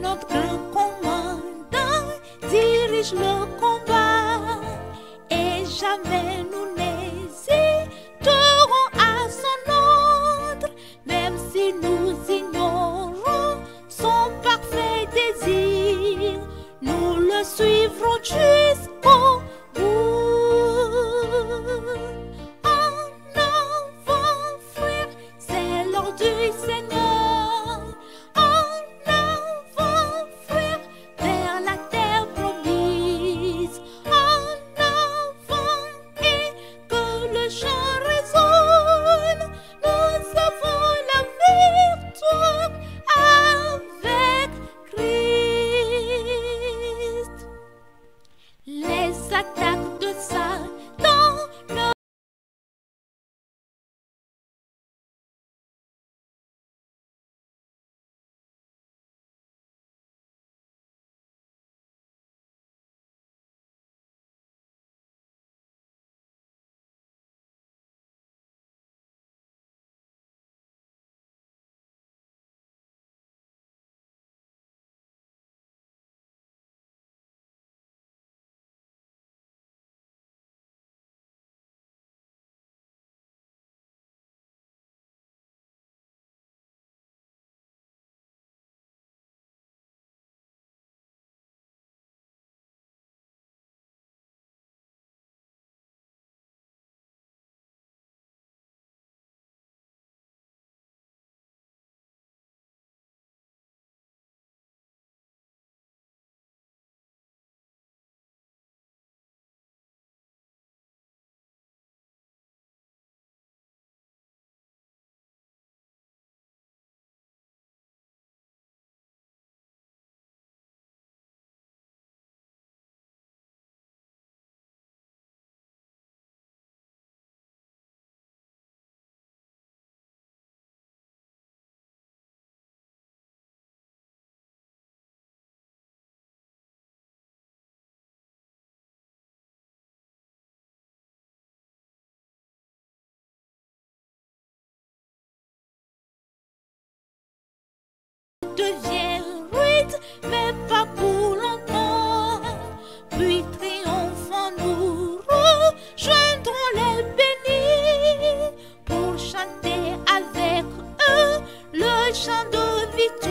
notre grand commandant dirige le combat et jamais nous ne viens rite, mais pas pour longtemps. Puis triomphant nous rejoindrons les bénis pour chanter avec eux le chant de victoire.